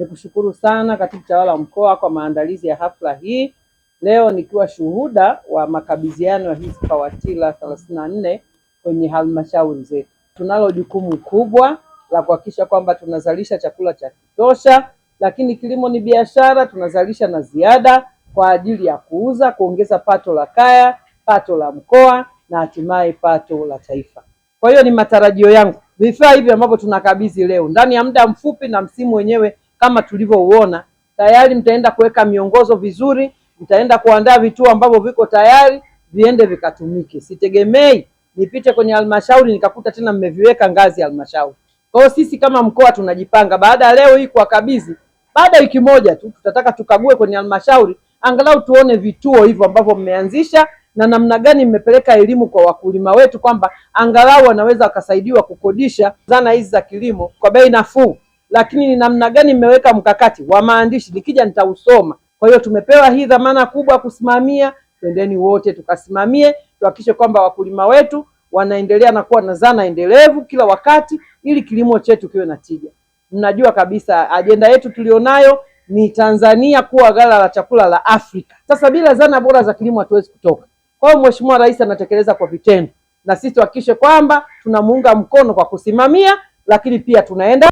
Nikushukuru sana katibu tawala wa mkoa kwa maandalizi ya hafla hii leo, nikiwa shuhuda wa makabidhiano ya hizi pawatila thelathini na nne kwenye halmashauri zetu. Tunalo jukumu kubwa la kuhakikisha kwamba tunazalisha chakula cha kutosha, lakini kilimo ni biashara, tunazalisha na ziada kwa ajili ya kuuza, kuongeza pato la kaya, pato la mkoa na hatimaye pato la taifa. Kwa hiyo ni matarajio yangu vifaa hivi ambavyo tunakabidhi leo ndani ya muda mfupi na msimu wenyewe kama tulivyouona tayari. Mtaenda kuweka miongozo vizuri, mtaenda kuandaa vituo ambavyo viko tayari viende vikatumike. Sitegemei nipite kwenye halmashauri nikakuta tena mmeviweka ngazi ya halmashauri. Kwa hiyo sisi kama mkoa tunajipanga, baada ya leo hii kuwakabidhi, baada ya wiki moja tu tutataka tukague kwenye halmashauri angalau tuone vituo hivyo ambavyo mmeanzisha na namna gani mmepeleka elimu kwa wakulima wetu kwamba angalau wanaweza wakasaidiwa kukodisha zana hizi za kilimo kwa bei nafuu lakini ni namna gani mmeweka mkakati wa maandishi, nikija nitausoma. Kwa hiyo tumepewa hii dhamana kubwa kusimamia, twendeni wote tukasimamie, tuhakikishe kwamba wakulima wetu wanaendelea na kuwa na zana endelevu kila wakati, ili kilimo chetu kiwe na tija. Mnajua kabisa ajenda yetu tulionayo ni Tanzania kuwa ghala la chakula la Afrika. Sasa bila zana bora za kilimo hatuwezi kutoka. Kwa hiyo Mheshimiwa Rais anatekeleza kwa vitendo, na sisi tuhakikishe kwamba tunamuunga mkono kwa kusimamia, lakini pia tunaenda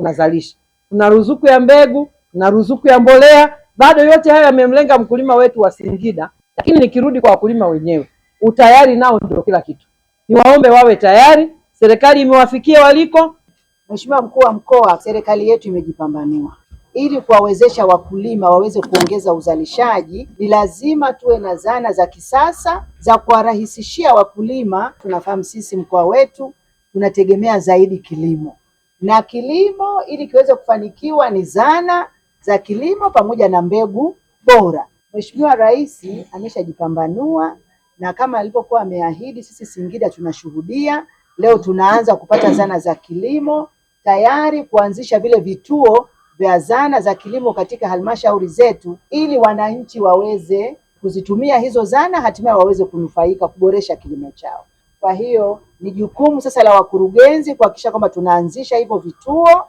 tunazalisha. Tuna ruzuku ya mbegu, tuna ruzuku ya mbolea, bado yote haya yamemlenga mkulima wetu wa Singida. Lakini nikirudi kwa wakulima wenyewe, utayari nao ndio kila kitu. Niwaombe wawe tayari, serikali imewafikia waliko. Mheshimiwa Mkuu wa Mkoa, serikali yetu imejipambanua ili kuwawezesha wakulima waweze kuongeza uzalishaji, ni lazima tuwe na zana za kisasa za kuwarahisishia wakulima. Tunafahamu sisi mkoa wetu tunategemea zaidi kilimo, na kilimo ili kiweze kufanikiwa ni zana za kilimo pamoja na mbegu bora. Mheshimiwa Rais ameshajipambanua na kama alivyokuwa ameahidi, sisi Singida tunashuhudia leo, tunaanza kupata zana za kilimo tayari kuanzisha vile vituo vya zana za kilimo katika halmashauri zetu, ili wananchi waweze kuzitumia hizo zana, hatimaye waweze kunufaika kuboresha kilimo chao. Kwa hiyo ni jukumu sasa la wakurugenzi kuhakikisha kwamba tunaanzisha hivyo vituo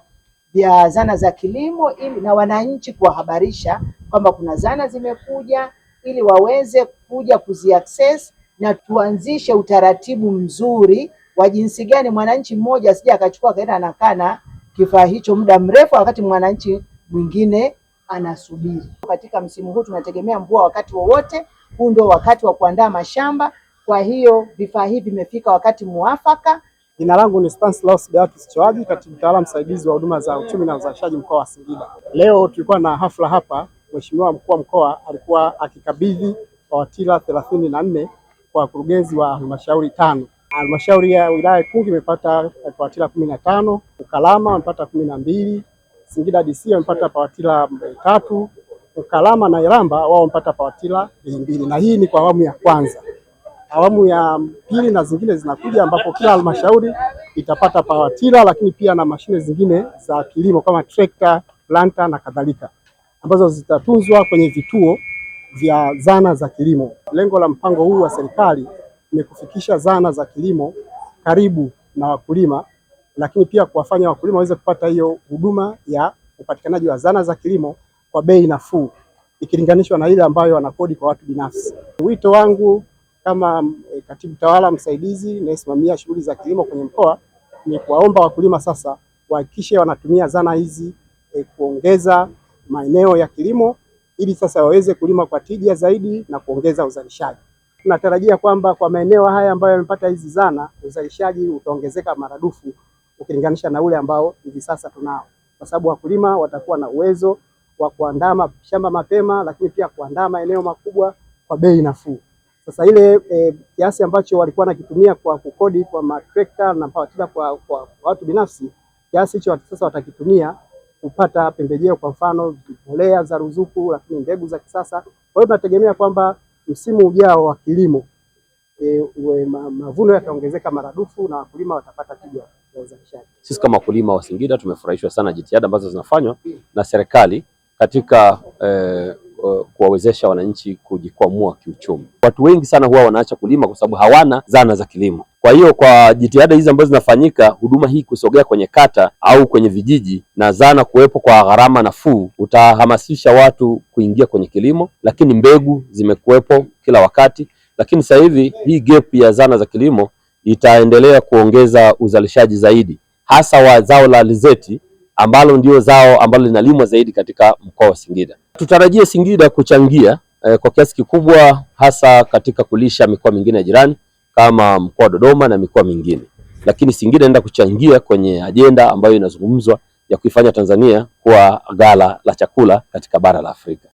vya zana za kilimo ili na wananchi kuwahabarisha kwamba kuna zana zimekuja ili waweze kuja kuziaccess na tuanzishe utaratibu mzuri wa jinsi gani mwananchi mmoja asije akachukua akaenda anakaa na kifaa hicho muda mrefu, wakati mwananchi mwingine anasubiri. Katika msimu huu tunategemea mvua wakati wowote. Huu ndio wakati wa kuandaa mashamba kwa hiyo vifaa hivi vimefika wakati muafaka. Jina langu ni Stanislaus Beatus Chawadi, katibu mtaalamu msaidizi wa huduma za uchumi na uzalishaji mkoa wa Singida. Leo tulikuwa na hafla hapa, Mheshimiwa mkuu wa mkoa alikuwa akikabidhi pawatila thelathini na nne kwa wakurugenzi wa halmashauri tano. Halmashauri ya wilaya Ikungi imepata pawatila kumi na tano, Ukalama wamepata kumi na mbili, Singida DC wamepata pawatira tatu, Ukalama na Iramba wao wamepata pawatila mbili, na hii ni kwa awamu ya kwanza awamu ya pili na zingine zinakuja, ambapo kila halmashauri itapata pawatila, lakini pia na mashine zingine za kilimo kama trekta, planta na kadhalika, ambazo zitatunzwa kwenye vituo vya zana za kilimo. Lengo la mpango huu wa serikali ni kufikisha zana za kilimo karibu na wakulima, lakini pia kuwafanya wakulima waweze kupata hiyo huduma ya upatikanaji wa zana za kilimo kwa bei nafuu ikilinganishwa na ile ambayo wanakodi kwa watu binafsi. Wito wangu kama e, katibu tawala msaidizi nayesimamia shughuli za kilimo kwenye mkoa ni kuwaomba wakulima sasa wahakikishe wanatumia zana hizi e, kuongeza maeneo ya kilimo ili sasa waweze kulima kwa tija zaidi na kuongeza uzalishaji. Tunatarajia kwamba kwa maeneo haya ambayo yamepata hizi zana uzalishaji utaongezeka maradufu ukilinganisha na ule ambao hivi sasa tunao, kwa sababu wakulima watakuwa na uwezo wa kuandaa shamba mapema, lakini pia kuandaa maeneo makubwa kwa bei nafuu. Sasa ile eh, kiasi e, ambacho walikuwa nakitumia kwa kukodi kwa matrekta na pawatila kwa, kwa watu binafsi, kiasi hicho sasa watakitumia kupata pembejeo, kwa mfano mbolea za ruzuku, lakini mbegu za kisasa. Kwa hiyo tunategemea kwamba msimu ujao wa kilimo e, mavuno yataongezeka maradufu na wakulima watapata tija ya uzalishaji. Sisi kama wakulima wa Singida tumefurahishwa sana jitihada ambazo zinafanywa na serikali katika eh, Eh, kuwawezesha wananchi kujikwamua kiuchumi. Watu wengi sana huwa wanaacha kulima kwa sababu hawana zana za kilimo. Kwa hiyo kwa jitihada hizi ambazo zinafanyika, huduma hii kusogea kwenye kata au kwenye vijiji na zana kuwepo kwa gharama nafuu, utahamasisha watu kuingia kwenye kilimo, lakini mbegu zimekuwepo kila wakati, lakini sasa hivi hii gap ya zana za kilimo itaendelea kuongeza uzalishaji zaidi hasa wa zao la alizeti ambalo ndio zao ambalo linalimwa zaidi katika mkoa wa Singida. Tutarajie Singida kuchangia eh, kwa kiasi kikubwa hasa katika kulisha mikoa mingine ya jirani kama mkoa wa Dodoma na mikoa mingine, lakini Singida inaenda kuchangia kwenye ajenda ambayo inazungumzwa ya kuifanya Tanzania kuwa ghala la chakula katika bara la Afrika.